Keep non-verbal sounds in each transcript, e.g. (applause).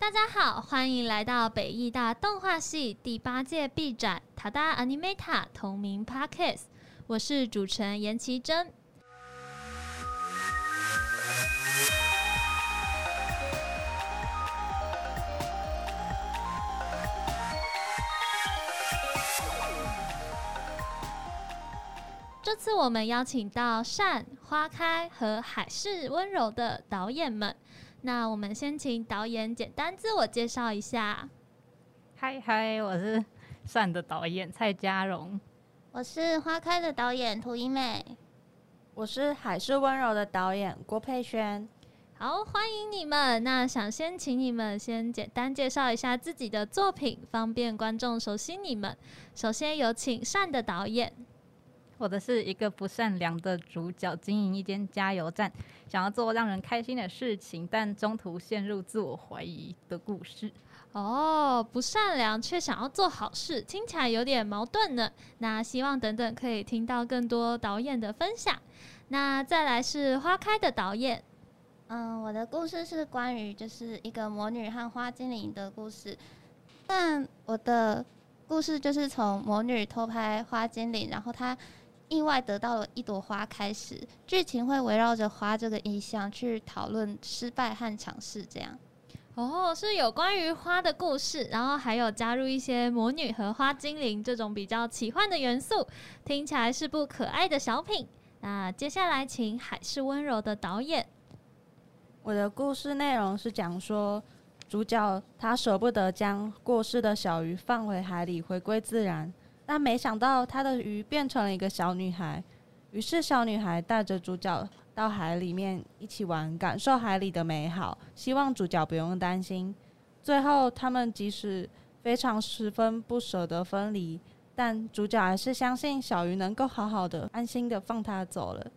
大家好，歡迎來到北藝大動畫系第八屆畢展《塔噠 Animeta 同名 Podcast。我是主持人嚴其真。這次我們邀請到善、《花開》和《海是溫柔》的導演們。那我們先請導演簡單自我介紹一下。嗨嗨，我是善的導演蔡佳蓉。我是花開的導演涂宜鎂。我是海是溫柔的導演郭沛萱。好，歡迎你們。那想先請你們先簡單介紹一下自己的作品，方便觀眾熟悉你們。首先有請善的導演。我的是一個不善良的主角，經營一間加油站，想要做讓人開心的事情，但中途陷入自我懷疑的故事。哦，不善良卻想要做好事，聽起來有點矛盾呢。那希望等等可以聽到更多導演的分享。那再來是《花開》的導演，嗯，我的故事是關於就是一個魔女和花精靈的故事，但我的故事就是從魔女偷拍花精靈，然後她。意外得到了一朵花，開始劇情會圍繞着花這個意象去討論失敗和嘗試。這樣，哦，oh, 是有關於花的故事，然後還有加入一些魔女和花精靈這種比較奇幻的元素，聽起來是部可愛的小品。那接下來請海是溫柔的導演。我的故事內容是講說主角他捨不得將過世的小魚放回海裡，回歸自然。但沒想到，他的魚變成了一個小女孩。於是，小女孩帶着主角到海裡面一起玩，感受海裡的美好。希望主角不用擔心。最後，他們即使非常十分不捨得分離，但主角還是相信小魚能夠好好的、安心的放他走了。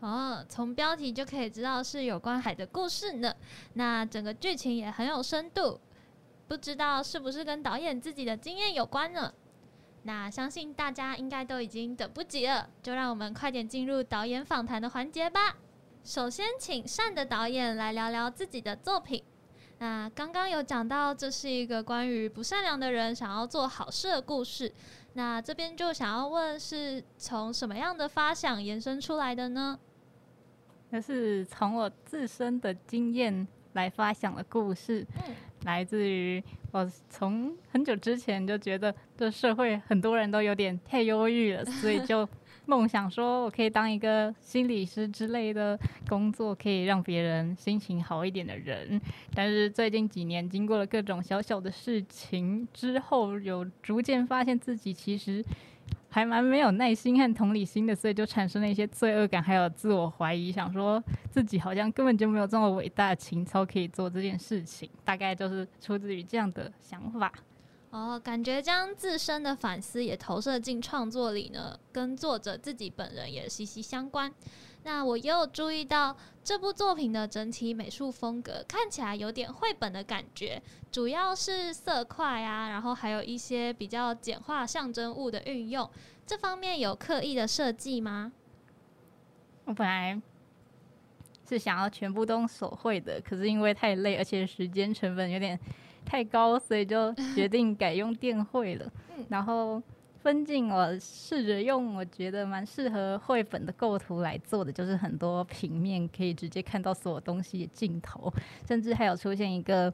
哦，從標題就可以知道是有關海的故事呢。那整個劇情也很有深度，不知道是不是跟導演自己的經驗有關呢？那相信大家應該都已經等不及了，就讓我們快點進入導演訪談的環節吧。首先，請善的導演來聊聊自己的作品。那剛剛有講到，這是一個關於不善良的人想要做好事的故事。那這邊就想要問，是從什麼樣的發想延伸出來的呢？那是從我自身的經驗來發想的故事。嗯來自於我從很久之前就覺得這社會很多人都有點太憂鬱了，所以就夢想說我可以當一個心理師之類的工作，可以讓別人心情好一點的人。但是最近幾年經過了各種小小的事情之後，有逐漸發現自己其實，還蠻沒有耐心和同理心的，所以就產生了一些罪惡感，還有自我懷疑，想說自己好像根本就沒有這麼偉大的情操可以做這件事情，大概就是出自於這樣的想法。哦，感覺將自身的反思也投射進創作裡呢，跟作者自己本人也息息相關。那我又注意到這部作品的整體美術風格看起來有點繪本的感覺，主要是色塊啊，然後還有一些比較簡化象徵物的運用，這方面有刻意的設計嗎？我本來是想要全部都用手繪的，可是因為太累，而且時間成本有點太高，所以就決定改用電繪了。 (laughs) 嗯，然後。分鏡我試着用，我覺得蠻適合繪本的構圖來做的，就是很多平面可以直接看到所有東西的鏡頭，甚至還有出現一個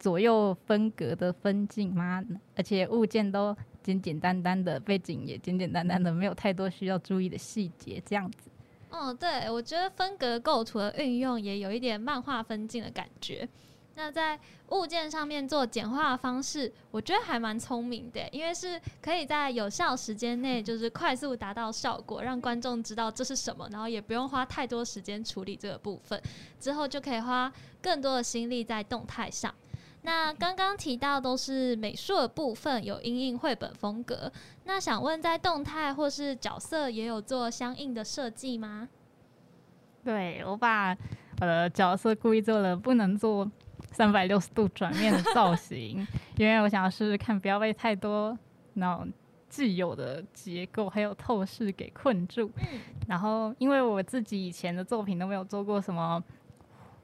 左右分隔的分鏡嗎？而且物件都簡簡單單的，背景也簡簡單單的，沒有太多需要注意的細節，這樣子。哦，對，我覺得分格構圖的運用也有一點漫畫分鏡的感覺。那在物件上面做簡化的方式，我覺得還蠻聰明的，因為是可以在有效時間內，就是快速達到效果，讓觀眾知道這是什麼，然後也不用花太多時間處理這個部分，之後就可以花更多的心力在動態上。那剛剛提到的都是美術的部分有應用繪本風格，那想問在動態或是角色也有做相應的設計嗎？對，我把呃角色故意做了，不能做。三百六十度轉面的造型， (laughs) 因為我想要試試看，不要被太多那種既有的結構還有透視給困住。然後因為我自己以前的作品都沒有做過什麼，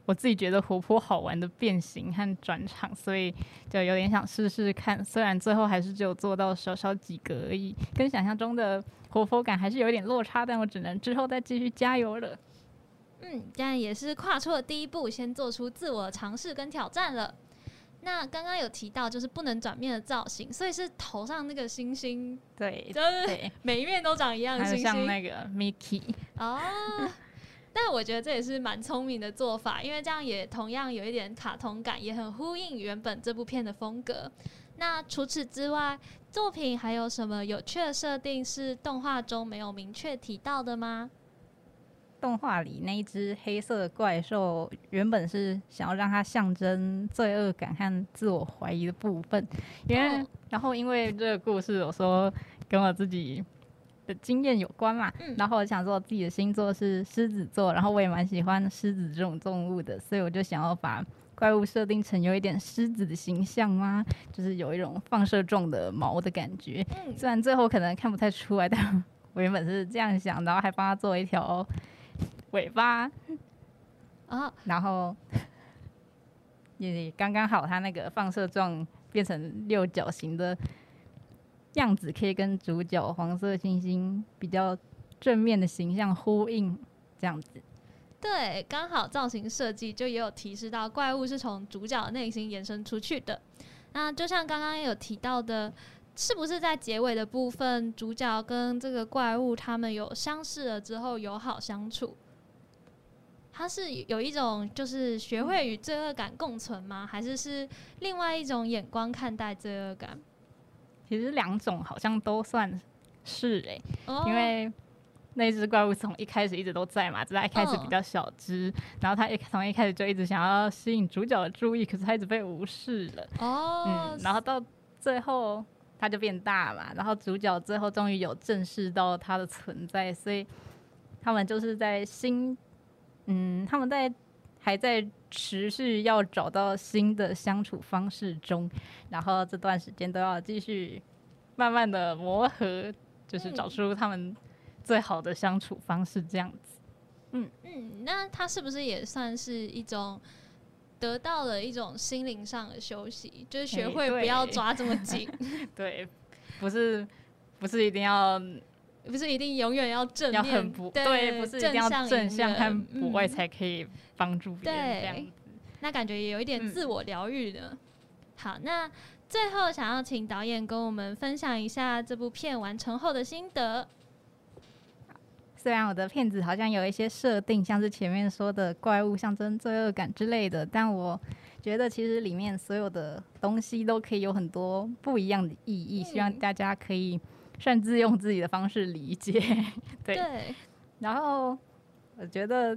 我自己覺得活潑好玩的變形和轉場，所以就有點想試試看。雖然最後還是只有做到少少幾格而已，跟想象中的活潑感還是有一點落差，但我只能之後再繼續加油了。嗯，但也是跨出了第一步，先做出自我嘗試跟挑戰了。那剛剛有提到，就是不能轉面的造型，所以是頭上那個星星，對，就是每一面都長一樣星星，還是像那個 Mickey、哦、 (laughs) 但我覺得這也是蠻聰明的做法，因為這樣也同樣有一點卡通感，也很呼應原本這部片的風格。那除此之外，作品還有什麼有趣的設定是動畫中沒有明確提到的嗎？動畫裡那一隻黑色的怪獸，原本是想要讓它象徵罪惡感和自我懷疑的部分。原然後，然後因為這個故事，我說跟我自己的經驗有關嘛。嗯、然後我想說，我自己的星座是獅子座，然後我也蠻喜歡獅子這種動物的，所以我就想要把怪物設定成有一點獅子的形象嗎？啊，就是有一種放射狀的毛的感覺。嗯、雖然最後可能看不太出來，但我原本是這樣想，然後還幫他做一條。尾巴啊，然後你剛剛好，它那個放射狀變成六角形的樣子，可以跟主角黃色星星比較正面的形象呼應，這樣子。對，剛好造型設計就也有提示到，怪物是從主角內心延伸出去的。那就像剛剛有提到的，是不是在結尾的部分，主角跟這個怪物他們有相似了之後友好相處？他是有一種就是學會與罪惡感共存嗎？還是是另外一種眼光看待罪惡感？其實兩種好像都算是哎、欸，oh. 因為那只怪物從一開始一直都在嘛，只是他一開始比較小只，oh. 然後他從一開始就一直想要吸引主角的注意，可是他一直被無視了哦、oh. 嗯，然後到最後他就變大嘛，然後主角最後終於有正視到他的存在，所以他們就是在新。嗯，他們在還在持續要找到新的相處方式中，然後這段時間都要繼續慢慢的磨合，對就是找出他們最好的相處方式這樣子。嗯嗯，那他是不是也算是一種得到了一種心靈上的休息？就是學會不要抓這麼緊。欸、對， (laughs) 對，不是不是一定要。不是一定永遠要正面，要很不對，對，不是一定要正向和不會、嗯、才可以幫助別人這樣子。那感覺也有一點自我療癒的。嗯、好，那最後想要請導演跟我們分享一下這部片完成後的心得。雖然我的片子好像有一些設定，像是前面說的怪物象徵罪惡感之類的，但我覺得其實裡面所有的東西都可以有很多不一樣的意義。嗯、希望大家可以。擅自用自己的方式理解，對。對然後我覺得，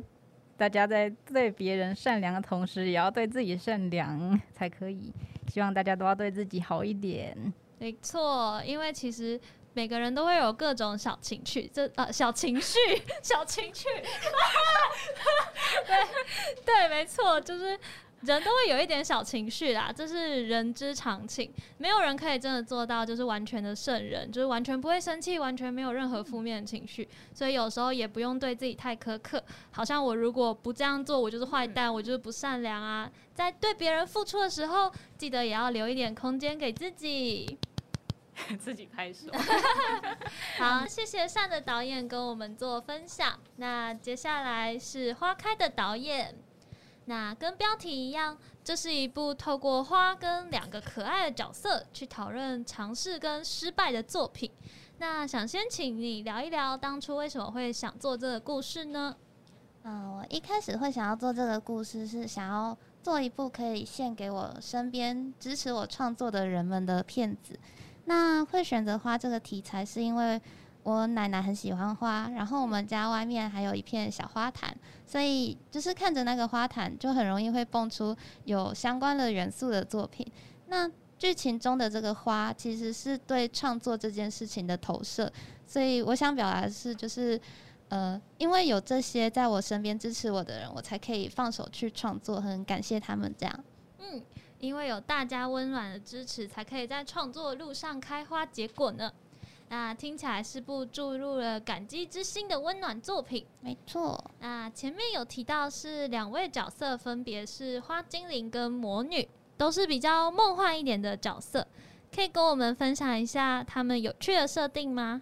大家在對別人善良的同時，也要對自己善良才可以。希望大家都要對自己好一點。沒錯，因為其實每個人都會有各種小情緒，這啊、呃，小情緒，小情緒， (laughs) (laughs) (laughs) 對對，沒錯，就是。人都會有一點小情緒啦，這是人之常情。沒有人可以真的做到，就是完全的聖人，就是完全不會生氣，完全沒有任何負面情緒。所以有時候也不用對自己太苛刻。好像我如果不這樣做，我就是壞蛋，我就是不善良啊。在對別人付出的時候，記得也要留一點空間給自己。 (laughs) 自己拍手。 (laughs) 好，謝謝善的導演跟我們做分享。那接下來是花開的導演。那跟標題一樣，這是一部透過花跟兩個可愛的角色去討論嘗試跟失敗的作品。那想先請你聊一聊，當初為什麼會想做這個故事呢？嗯、呃，我一開始會想要做這個故事，是想要做一部可以獻給我身邊支持我創作的人們的片子。那會選擇花這個題材，是因為，我奶奶很喜歡花，然後我們家外面還有一片小花壇，所以就是看着那個花壇，就很容易會蹦出有相關的元素的作品。那劇情中的這個花，其實是對創作這件事情的投射。所以我想表達的是，就是呃，因為有這些在我身邊支持我的人，我才可以放手去創作，很感謝他們這樣。嗯，因為有大家溫暖的支持，才可以在創作路上開花結果呢。那、啊、聽起來是部注入了感激之心的溫暖作品，沒錯。那、啊、前面有提到是兩位角色，分別是花精靈跟魔女，都是比較夢幻一點的角色，可以跟我們分享一下他們有趣的設定嗎？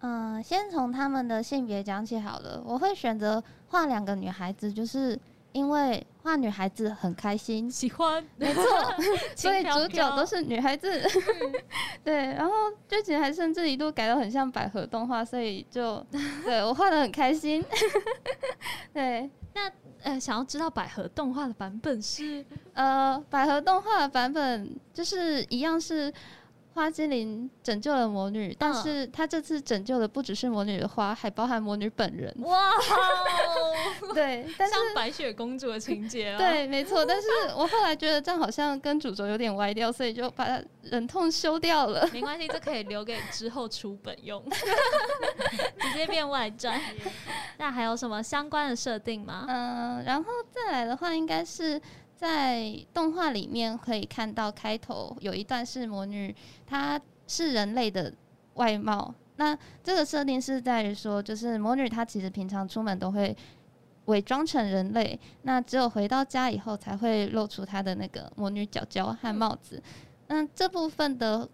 嗯、呃，先從他們的性別講起好了。我會選擇畫兩個女孩子，就是因為。畫女孩子很開心，喜歡，沒錯，所以主角都是女孩子，嗯、 (laughs) 對，然後最近還甚至一度改到很像百合動畫，所以就對我畫得很開心。 (laughs) (laughs) 對，那呃，想要知道百合動畫的版本是 (laughs) 呃，百合動畫的版本就是一樣是。花精靈拯救了魔女，嗯、但是她這次拯救的不只是魔女的花，還包含魔女本人。哇！ (laughs) 對，但是像白雪公主的情節。對，沒錯。但是我後來覺得這樣好像跟主軸有點歪掉，所以就把它忍痛修掉了。沒關係，這可以留給之後出本用， (laughs) (laughs) 直接變外傳。 (laughs) 那還有什麼相關的設定嗎？嗯、呃，然後再來的話，應該是。在動畫裡面可以看到，開頭有一段是魔女，她是人類的外貌。那這個設定是在於說，就是魔女她其實平常出門都會偽裝成人類，那只有回到家以後才會露出她的那個魔女腳腳和帽子。那這部分的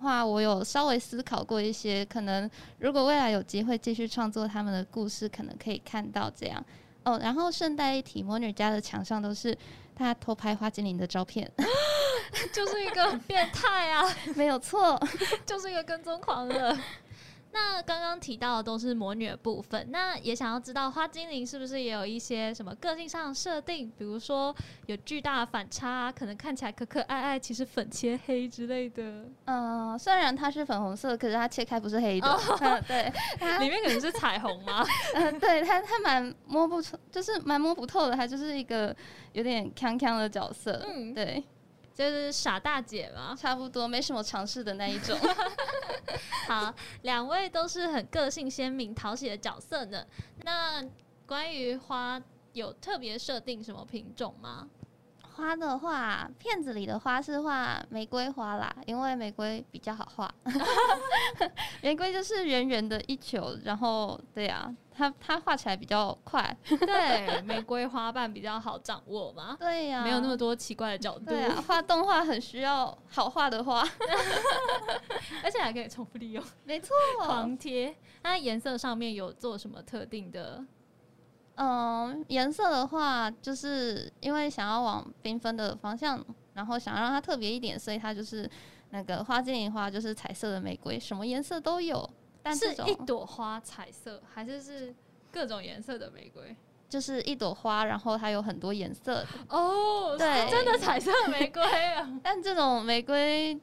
話，我有稍微思考過一些，可能如果未來有機會繼續創作他們的故事，可能可以看到這樣。哦，然後順帶一提，魔女家的牆上都是。他偷拍花精靈的照片， (laughs) 就是一個變態啊！沒有錯，就是一個跟蹤狂了。那剛剛提到的都是魔女的部分，那也想要知道花精靈是不是也有一些什麼個性上的設定？比如說有巨大的反差、啊，可能看起來可可愛愛，其實粉切黑之類的。嗯、呃，雖然它是粉紅色，可是它切開不是黑的。Oh、對，它裡面可能是彩虹嗎？嗯、 (laughs) 呃，對，它它蠻摸不出，就是蠻摸不透的。它就是一個有點鏘鏘的角色。嗯，對，就是傻大姐嘛，差不多，沒什麼嘗試的那一種。 (laughs) (laughs) 好，兩位都是很個性鮮明、討喜的角色呢。那關於花，有特別設定什麼品種嗎？花的話，片子裡的花是畫玫瑰花啦，因為玫瑰比較好畫。 (laughs) (laughs) 玫瑰就是圓圓的一球，然後對呀、啊，它它畫起來比較快，對， (laughs) 玫瑰花瓣比較好掌握嘛。對呀、啊，沒有那麼多奇怪的角度呀。對啊，畫動畫很需要好畫的花， (laughs) (laughs) 而且還可以重複利用，沒錯，狂貼。它顏色上面有做什麼特定的？嗯，顏色的話，就是因為想要往繽紛的方向，然後想要讓它特別一點，所以它就是那個花精靈花，就是彩色的玫瑰，什麼顏色都有。但是一朵花彩色，還是是各種顏色的玫瑰？就是一朵花，然後它有很多顏色的。哦、oh, 對，真的彩色的玫瑰，啊。 (laughs) 但這種玫瑰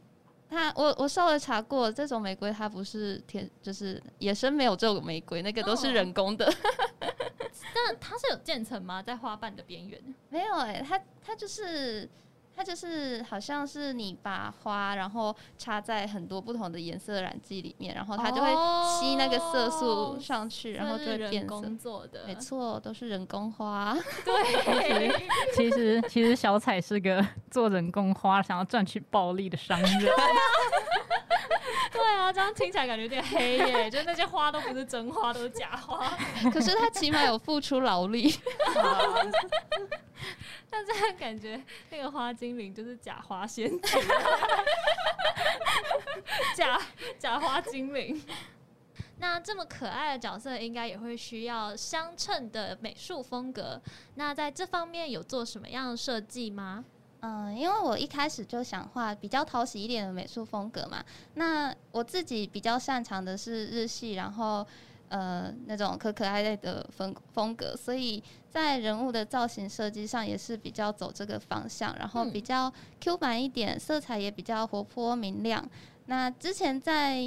它，它我我稍微查過，這種玫瑰它不是天，就是野生沒有這種玫瑰，那個都是人工的。Oh. (laughs) 它是有漸層嗎？在花瓣的邊緣？沒有哎、欸，它它就是它就是，就是好像是你把花然後插在很多不同的顏色染劑裡面，然後它就會吸那個色素上去，oh, 然後就會變成做的沒錯，都是人工花。對，對 okay, 其實其實小彩是個做人工花想要賺取暴利的商人。 (laughs) 對啊，這樣聽起來感覺有點黑耶， (laughs) 就那些花都不是真花， (laughs) 都是假花。可是他起碼有付出勞力。但這樣感覺，那個花精靈就是假花仙子， (laughs) (laughs) (laughs) 假假花精靈。 (laughs) 那這麼可愛的角色，應該也會需要相稱的美術風格。那在這方面有做什麼樣的設計嗎？嗯，因為我一開始就想畫比較討喜一點的美術風格嘛。那我自己比較擅長的是日系，然後呃那種可可愛愛的風風格，所以在人物的造型設計上也是比較走這個方向，然後比較 Q 版一點，嗯、色彩也比較活潑明亮。那之前在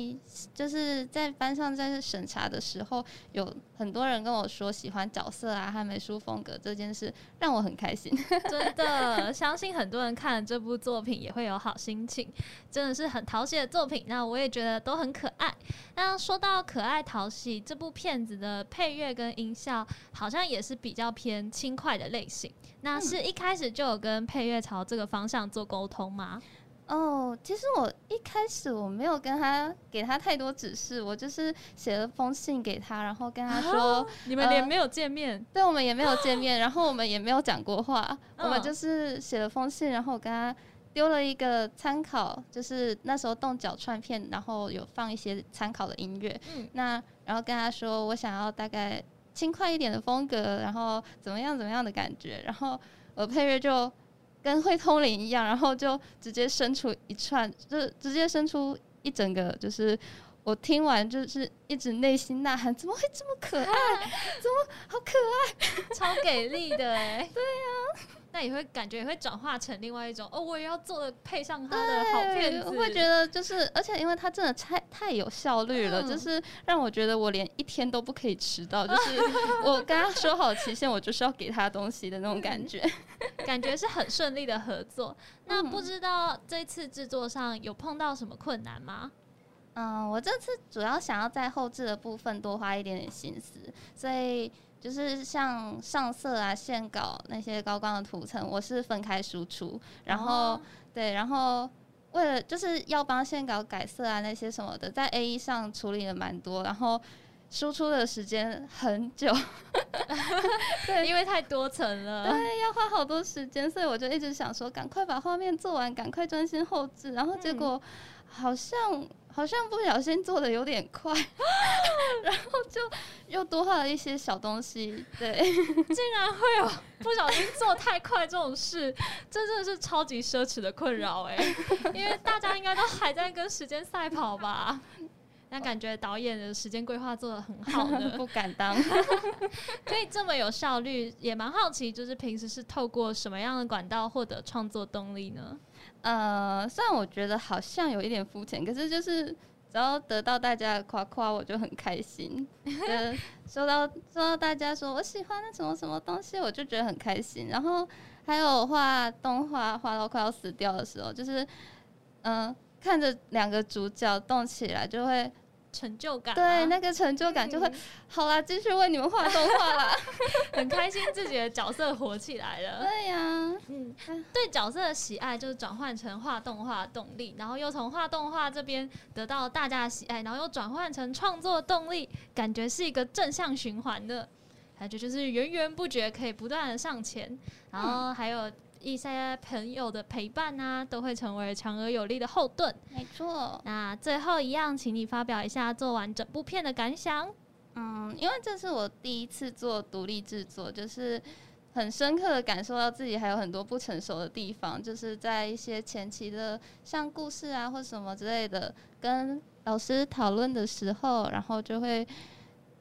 就是在班上在審查的時候，有很多人跟我說喜歡角色啊和美術風格這件事，讓我很開心對對對。真的，相信很多人看了這部作品也會有好心情。真的是很討喜的作品，那我也覺得都很可愛。那說到可愛討喜這部片子的配樂跟音效，好像也是比較偏輕快的類型。那是一開始就有跟配樂朝這個方向做溝通嗎？嗯哦，oh, 其實我一開始我沒有跟他給他太多指示，我就是寫了封信給他，然後跟他說，啊、你們連沒有見面，呃、對我們也沒有見面，啊、然後我們也沒有講過話，啊、我們就是寫了封信，然後我跟他丟了一個參考，就是那時候動腳串片，然後有放一些參考的音樂，嗯、那然後跟他說我想要大概輕快一點的風格，然後怎麼樣怎麼樣的感覺，然後我配樂就。跟會通靈一樣，然後就直接伸出一串，就直接伸出一整個，就是我聽完就是一直內心吶喊：怎麼會這麼可愛？怎麼好可愛？超給力的哎、欸！ (laughs) 對呀、啊，那也會感覺也會轉化成另外一種哦，我也要做的配上他的好片子，會覺得就是，而且因為他真的太太有效率了，嗯、就是讓我覺得我連一天都不可以遲到，就是我跟他說好期限，我就是要給他東西的那種感覺。嗯 (laughs) 感覺是很順利的合作。嗯、那不知道這次制作上有碰到什麼困難嗎？嗯，我這次主要想要在後製的部分多花一點點心思，所以就是像上色啊、線稿那些高光的圖層，我是分開輸出。然後、哦、對，然後為了就是要幫線稿改色啊那些什麼的，在 AE 上處理了蠻多。然後。輸出的時間很久， (laughs) (laughs) 對，因為太多層了，對，要花好多時間，所以我就一直想說，趕快把畫面做完，趕快專心後製，然後結果好像、嗯、好像不小心做得有點快， (laughs) 然後就又多畫了一些小東西，對，竟然會有不小心做太快這種事， (laughs) 這真的是超級奢侈的困擾哎、欸， (laughs) 因為大家應該都還在跟時間賽跑吧。那感覺導演的時間規劃做得很好的 (laughs) 不敢當， (laughs) (laughs) 可以這麼有效率，也蠻好奇，就是平時是透過什麼樣的管道獲得創作動力呢？呃，雖然我覺得好像有一點膚淺，可是就是只要得到大家誇誇，我就很開心。收 (laughs) 到收到大家說我喜歡那什麼什麼東西，我就覺得很開心。然後還有畫動畫畫到快要死掉的時候，就是嗯、呃，看着兩個主角動起來就會。成就感，啊，對那個成就感就會、嗯、好啦，繼續為你們畫動畫啦， (laughs) 很開心自己的角色火起來了。對呀，嗯，對角色的喜愛就是轉換成畫動畫的動力，然後又從畫動畫這邊得到大家的喜愛，然後又轉換成創作動力，感覺是一個正向循環的感覺，就是源源不絕可以不斷的向前，然後還有一些朋友的陪伴啊，都會成為強而有力的後盾。沒錯。那最後一樣，請你發表一下做完整部片的感想。嗯，因為這是我第一次做獨立製作，就是很深刻的感受到自己還有很多不成熟的地方，就是在一些前期的像故事啊或什麼之類的，跟老師討論的時候，然後就會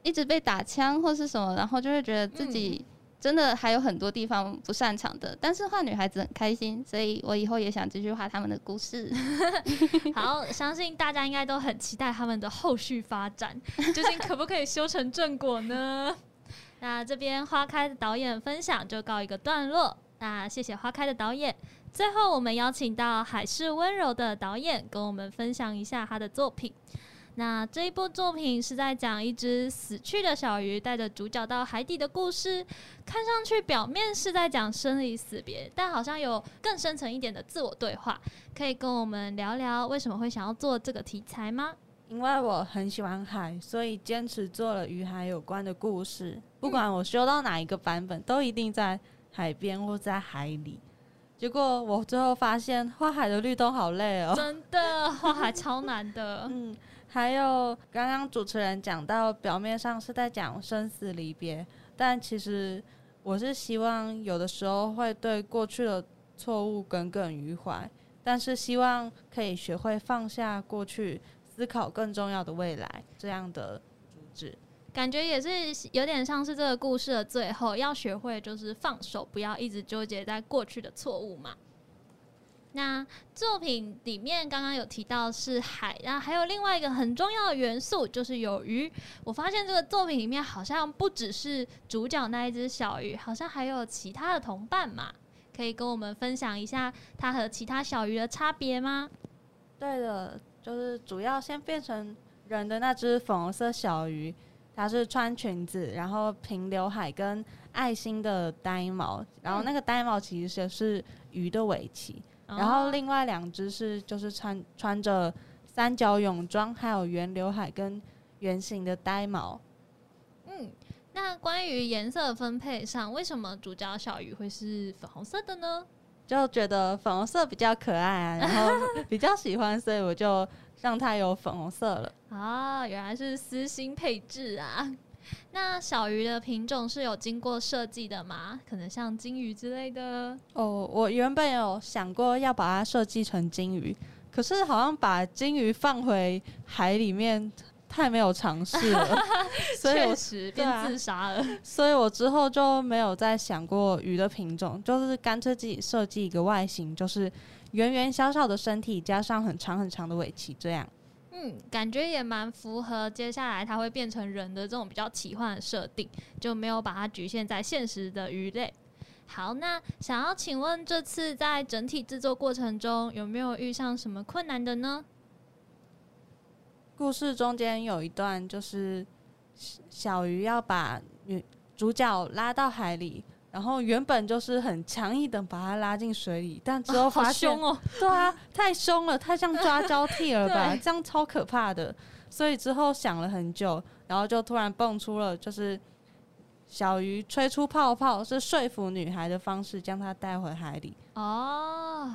一直被打槍或是什麼，然後就會覺得自己、嗯。真的還有很多地方不擅長的，但是畫女孩子很開心，所以我以後也想繼續畫他們的故事。 (laughs) 好，相信大家應該都很期待他們的後續發展， (laughs) 究竟可不可以修成正果呢？ (laughs) 那這邊花開的導演分享就告一個段落，那謝謝花開的導演。最後，我們邀請到海是溫柔的導演，跟我們分享一下他的作品。那這一部作品是在講一隻死去的小魚帶着主角到海底的故事，看上去表面是在講生離死別，但好像有更深層一點的自我對話。可以跟我們聊聊為什麼會想要做這個題材嗎？因為我很喜歡海，所以堅持做了與海有關的故事。不管我修到哪一個版本，嗯、都一定在海邊或在海裡。結果我最後發現畫海的律動好累哦，喔，真的畫海超難的。 (laughs) 嗯。還有剛剛主持人講到，表面上是在講生死離別，但其實我是希望有的時候會對過去的錯誤耿耿於懷，但是希望可以學會放下過去，思考更重要的未來這樣的主旨。感覺也是有點像是這個故事的最後，要學會就是放手，不要一直糾結在過去的錯誤嘛。那作品裡面剛剛有提到是海，然後還有另外一個很重要的元素就是有魚。我發現這個作品裡面好像不只是主角那一只小魚，好像還有其他的同伴嘛。可以跟我們分享一下它和其他小魚的差別嗎？對的，就是主要先變成人的那只粉紅色小魚，它是穿裙子，然後平劉海跟愛心的呆毛，然後那個呆毛其實是魚的尾鰭。然後另外兩隻是就是穿穿着三角泳裝，還有圓劉海跟圓形的呆毛。嗯，那關於顏色分配上，為什麼主角小魚會是粉紅色的呢？就覺得粉紅色比較可愛啊，然後比較喜歡， (laughs) 所以我就讓它有粉紅色了。啊、哦，原來是私心配置啊。那小魚的品種是有經過設計的嗎？可能像金魚之類的。哦，oh, 我原本有想過要把它設計成金魚，可是好像把金魚放回海裡面太沒有嘗試了， (laughs) 所以確實，對啊，變自殺了。所以我之後就沒有再想過魚的品種，就是乾脆自己設計一個外形，就是圓圓小小的身體加上很長很長的尾鰭這樣。嗯，感覺也蠻符合接下來它會變成人的這種比較奇幻的設定，就沒有把它局限在現實的魚類。好，那想要請問這次在整體制作過程中有沒有遇上什麼困難的呢？故事中間有一段就是小魚要把女主角拉到海裡。然後原本就是很強硬的把他拉進水裡，但之後發現好凶哦。對啊，太凶了，太像抓交替了吧，這樣超可怕的。所以之後想了很久，然後就突然蹦出了，就是小魚吹出泡泡是說服女孩的方式，將她帶回海裡。哦，oh,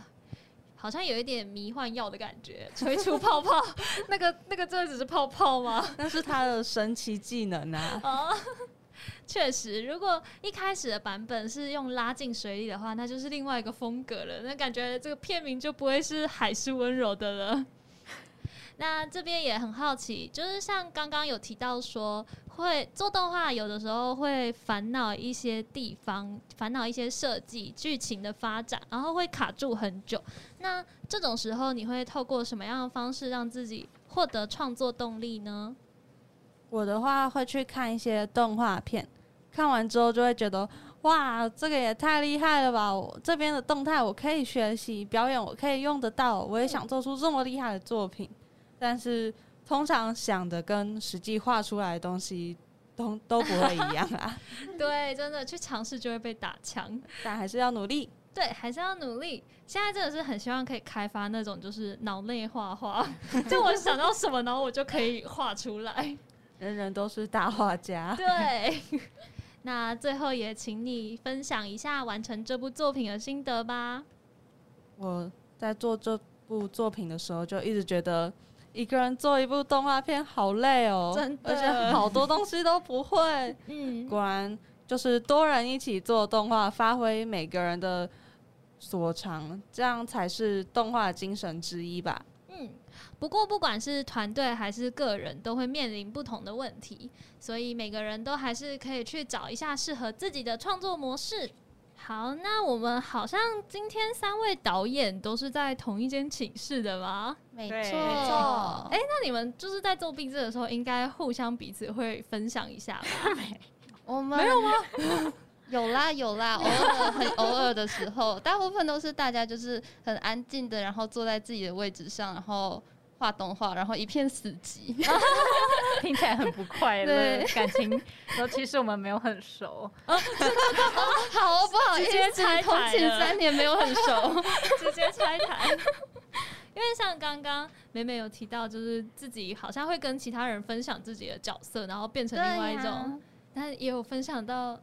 好像有一點迷幻藥的感覺，吹出泡泡，那個那個真的只是泡泡嗎？那是他的神奇技能啊！啊。Oh. 確實，如果一開始的版本是用拉進水裡的話，那就是另外一個風格了。那感覺這個片名就不會是“海是溫柔的”了。 (laughs) 那這邊也很好奇，就是像剛剛有提到說，會做動畫有的時候會煩惱一些地方，煩惱一些設計、劇情的發展，然後會卡住很久。那這種時候，你會透過什麼樣的方式讓自己獲得創作動力呢？我的話會去看一些動畫片，看完之後就會覺得哇，這個也太厲害了吧！我這邊的動態我可以學習，表演我可以用得到，我也想做出這麼厲害的作品。但是通常想的跟實際畫出來的東西都都不會一樣啊。 (laughs) 對，真的去嘗試就會被打槍，但還是要努力。對，還是要努力。現在真的是很希望可以開發那種就是腦內畫畫， (laughs) 就我就想到什麼，然後我就可以畫出來。人人都是大畫家。對，那最後也請你分享一下完成這部作品的心得吧。我在做這部作品的時候，就一直覺得一個人做一部動畫片好累哦、喔，真的 而且好多東西都不會。嗯，果然就是多人一起做動畫，發揮每個人的所長，這樣才是動畫精神之一吧。不過，不管是團隊還是個人，都會面臨不同的問題，所以每個人都還是可以去找一下適合自己的創作模式。好，那我們好像今天三位導演都是在同一間寢室的吧？沒錯。哎錯，那你們就是在做畢製的時候，應該互相彼此會分享一下吧？我們 (laughs) 沒有嗎？ (laughs) 有啦有啦， (laughs) 偶爾很偶爾的時候，大部分都是大家就是很安靜的，然後坐在自己的位置上，然後畫動畫，然後一片死寂， (laughs) 聽起來很不快樂，對感情。其實我們沒有很熟， (laughs) (laughs) (laughs) 好不好意思，直接同情三年沒有很熟，直接拆台。 (laughs) 因為像剛剛美美有提到，就是自己好像會跟其他人分享自己的角色，然後變成另外一種，啊、但也有分享到。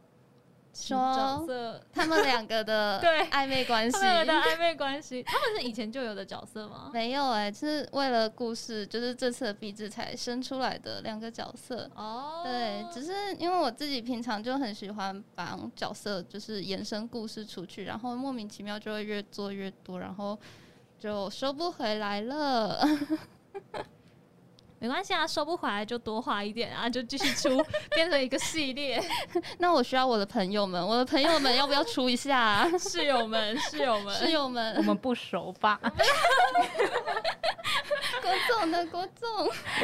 角色，說他們兩個的曖昧關係， (laughs) 他們的曖昧關係， (laughs) 他們是以前就有的角色嗎？沒有哎、欸，就是為了故事，就是這次的畢製才生出來的兩個角色。哦，對，只是因為我自己平常就很喜歡把角色就是延伸故事出去，然後莫名其妙就會越做越多，然後就收不回來了。 (laughs) 沒關係啊，收不回來就多花一點啊，就繼續出，變成一個系列。 (laughs) 那我需要我的朋友們，我的朋友們要不要出一下、啊？室友們，室友們，室友們，我們不熟吧？郭總 (laughs) (laughs) 呢？郭總，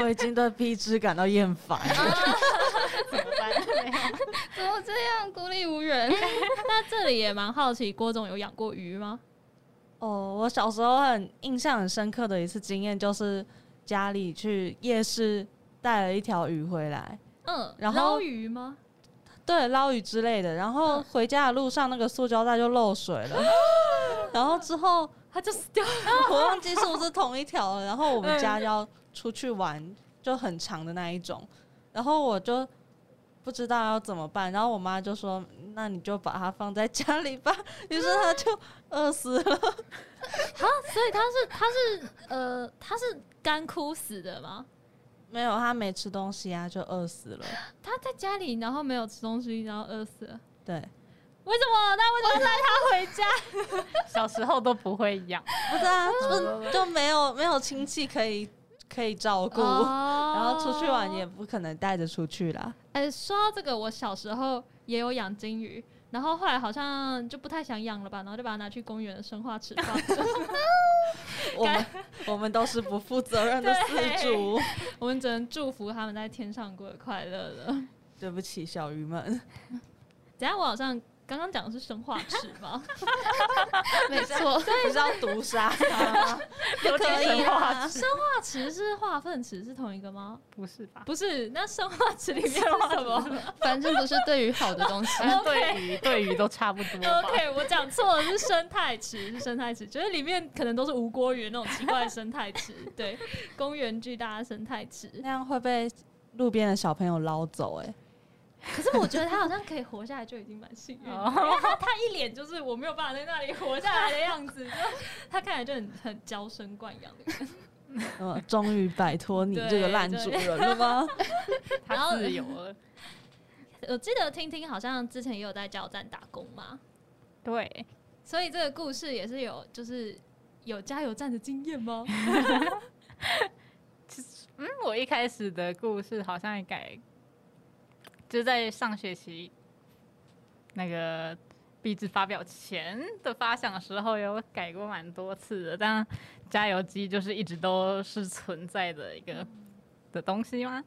我已經對 PG 感到厭煩了。怎麼辦？怎麼這樣孤立無援？ (laughs) (laughs) 那這裡也蠻好奇，郭總有養過魚嗎？哦，我小時候很印象很深刻的一次經驗就是。家裡去夜市帶了一條魚回來，嗯，然後撈魚嗎？對，撈魚之類的。然後回家的路上，那個塑膠袋就漏水了，嗯、然後之後它就死掉了。啊、 (laughs) 我忘記是不是同一條了。然後我們家要出去玩，就很長的那一種。嗯、然後我就不知道要怎麼辦。然後我媽就說：“那你就把它放在家裡吧。”於是他就餓死了。所以他是他是呃，它是。乾枯死的嗎？沒有，他沒吃東西啊，就餓死了。他在家裡，然後沒有吃東西，然後餓死了。對，為什麼？那為什麼帶他回家？ (laughs) 小時候都不會養， (laughs) 不是啊， (laughs) 就，就沒有沒有親戚可以可以照顧，哦、然後出去玩也不可能帶着出去啦。哎、欸，說到這個，我小時候也有養金魚。然後後來好像就不太想養了吧，然後就把它拿去公園生化池放。我們我們都是不負責任的飼主， (laughs) 對 我們只能祝福他們在天上過得快樂了。對不起，小魚們。 (laughs) 等下我好像。剛剛講的是生化池嗎？ (laughs) 沒錯錯，你知道毒殺嗎？有生化池，生化池是化糞池是同一個嗎？不是吧？不是，那生化池裡面有什麼？ (laughs) 反正不是對於好的東西， (laughs) 對於對於都差不多。 (laughs) OK，我講錯了，是生態池，是生態池，覺、就、得、是、裡面可能都是吳郭魚那種奇怪的生態池。 (laughs) 對，公園巨大的生態池，那樣會被路邊的小朋友撈走哎、欸。 (laughs) 可是我覺得他好像可以活下來就已經蠻幸運了， (laughs) 因為他一臉就是我沒有辦法在那裡活下來的樣子，他 (laughs) (laughs) 他看起來就很很嬌生慣養的樣子。嗯，終於擺脫你這個爛主人了嗎？ (laughs) 太自由了。然後，我記得聽聽好像之前也有在加油站打工嘛。對，所以這個故事也是有就是有加油站的經驗嗎？其實，嗯，我一開始的故事好像也改。就在上學期，那個畢製發表前的發想的時候，有改過蠻多次的。但加油機就是一直都是存在的一個、嗯、的東西嗎？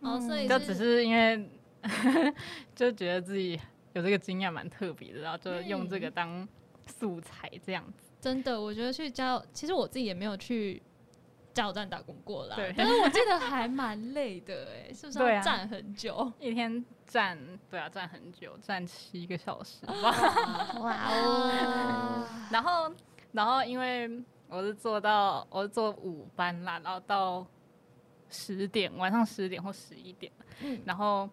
哦，所以、嗯、就只是因為 (laughs) 就覺得自己有這個經驗蠻特別的，然後就用這個當素材這樣子。真的，我覺得去加油，其實我自己也沒有去加油站打工過了，對但是我記得還蠻累的，欸，哎， (laughs) 是不是要站很久啊？一天站，對啊，站很久，站七個小時吧。哇哦！然後，然後因為我是坐到我是坐五班啦，然後到十點晚上十點或十一點，嗯、然後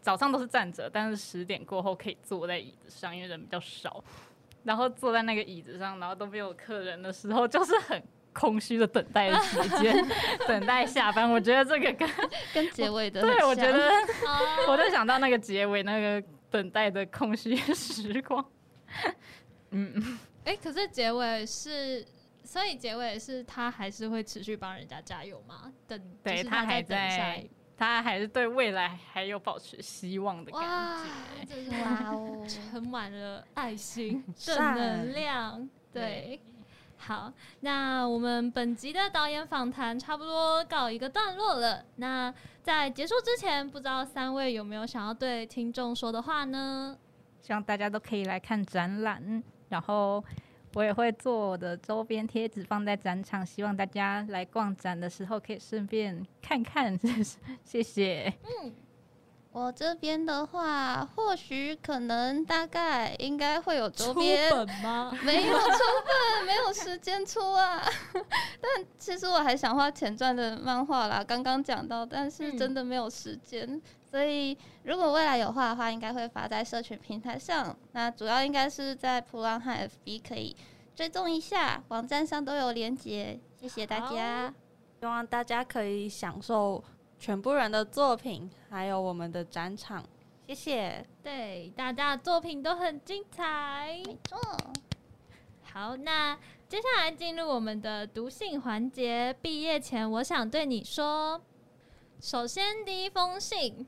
早上都是站着，但是十點過後可以坐在椅子上，因為人比較少。然後坐在那個椅子上，然後都沒有客人的時候，就是很。空虛的等待的時間， (laughs) 等待下班。我覺得這個跟跟結尾的，對我覺得，啊、我就想到那個結尾那個等待的空虛時光。嗯，哎、欸，可是結尾是，所以結尾是他還是會持續幫人家加油嗎？等對他還，等他還在，他還是對未來還有保持希望的感覺。哇，哦，是哇，充滿了愛心、正能量，對。對好，那我們本集的導演訪談差不多告一個段落了。那在結束之前，不知道三位有沒有想要對聽眾說的話呢？希望大家都可以來看展覽，然後我也會做我的周邊貼紙放在展場，希望大家來逛展的時候可以順便看看，謝謝。嗯。我這邊的話，或許可能大概應該會有周邊嗎？沒有出本、 (laughs) 沒有時間出啊。但其實我還想畫前傳的漫畫啦，剛剛講到，但是真的沒有時間。嗯、所以如果未來有畫的話，應該會發在社群平台上。那主要應該是在噗浪和 FB 可以追蹤一下，網站上都有連結。謝謝大家，希望大家可以享受。全部人的作品，還有我們的展場，謝謝。對，大家的作品都很精彩，沒錯。好，那接下來進入我們的讀信環節。畢業前，我想對你說，首先第一封信，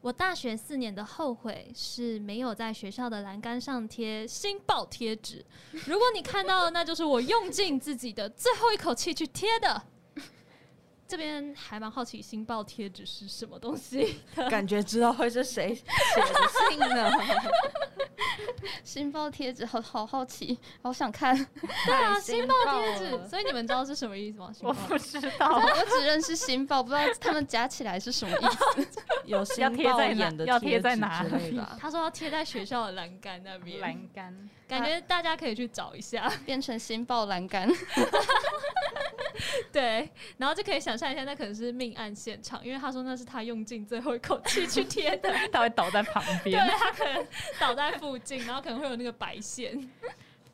我大學四年的後悔是沒有在學校的欄杆上貼新報貼紙。 (laughs) 如果你看到，那就是我用盡自己的最後一口氣去貼的。這邊還蠻好奇星爆貼紙是什麼東西，感覺知道會是誰寫的信呢。星爆貼紙好好好奇，好想看。對啊，星爆貼紙，所以你們知道是什麼意思嗎？我不知道，我只認識星爆，不知道他們夾起來是什麼意思。有星爆眼的貼紙之類的，他說要貼在學校的欄杆那邊。欄杆，感覺大家可以去找一下，變成星爆欄杆。對，然後就可以想象一下，那可能是命案現場，因為他說那是他用盡最後一口氣去貼的， (laughs) 他會倒在旁邊，對，他可能倒在附近，然後可能會有那個白線。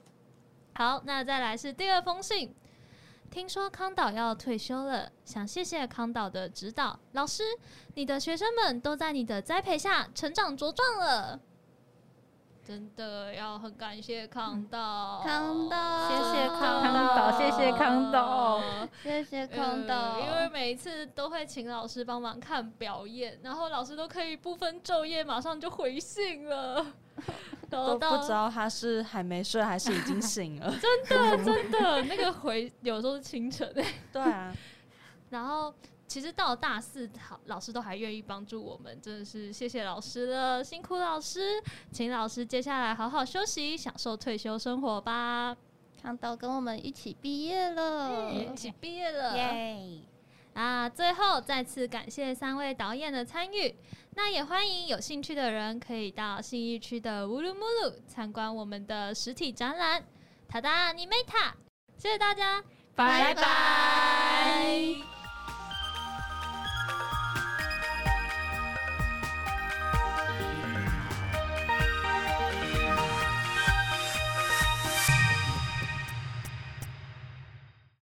(laughs) 好，那再來是第二封信，聽說康導要退休了，想謝謝康導的指導。老師，你的學生們都在你的栽培下成長茁壯了。真的要很感謝康導，嗯、康導，謝謝康導，嗯、謝謝康導，嗯，因為每一次都會請老師幫忙看表演，然後老師都可以不分晝夜，馬上就回信了。都不知道他是還沒睡 (laughs) 還是已經醒了。 (laughs) 真的，真的， (laughs) 那個回有時候是清晨。對啊， (laughs) 然後。其實到大四，好老師都還願意幫助我們，真的是謝謝老師了，辛苦老師，請老師接下來好好休息，享受退休生活吧。看到跟我們一起畢業了，嗯，一起畢業了，耶！Yeah. 啊，最後再次感謝三位導演的參與，那也歡迎有興趣的人可以到信義區的烏魯木魯參觀我們的實體展覽。塔達尼梅塔，謝謝大家，拜拜。拜拜。